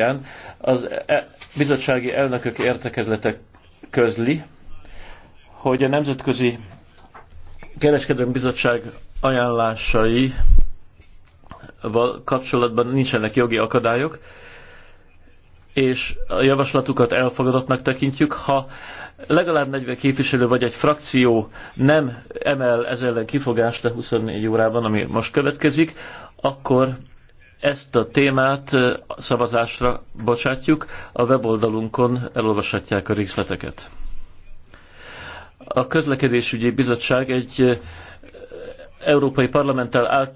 alapján az e- bizottsági elnökök értekezlete közli, hogy a Nemzetközi Kereskedelmi Bizottság ajánlásai kapcsolatban nincsenek jogi akadályok, és a javaslatukat elfogadottnak tekintjük. Ha legalább 40 képviselő vagy egy frakció nem emel ez ellen kifogást a 24 órában, ami most következik, akkor ezt a témát szavazásra bocsátjuk, a weboldalunkon elolvashatják a részleteket. A Közlekedésügyi Bizottság egy Európai Parlamenttel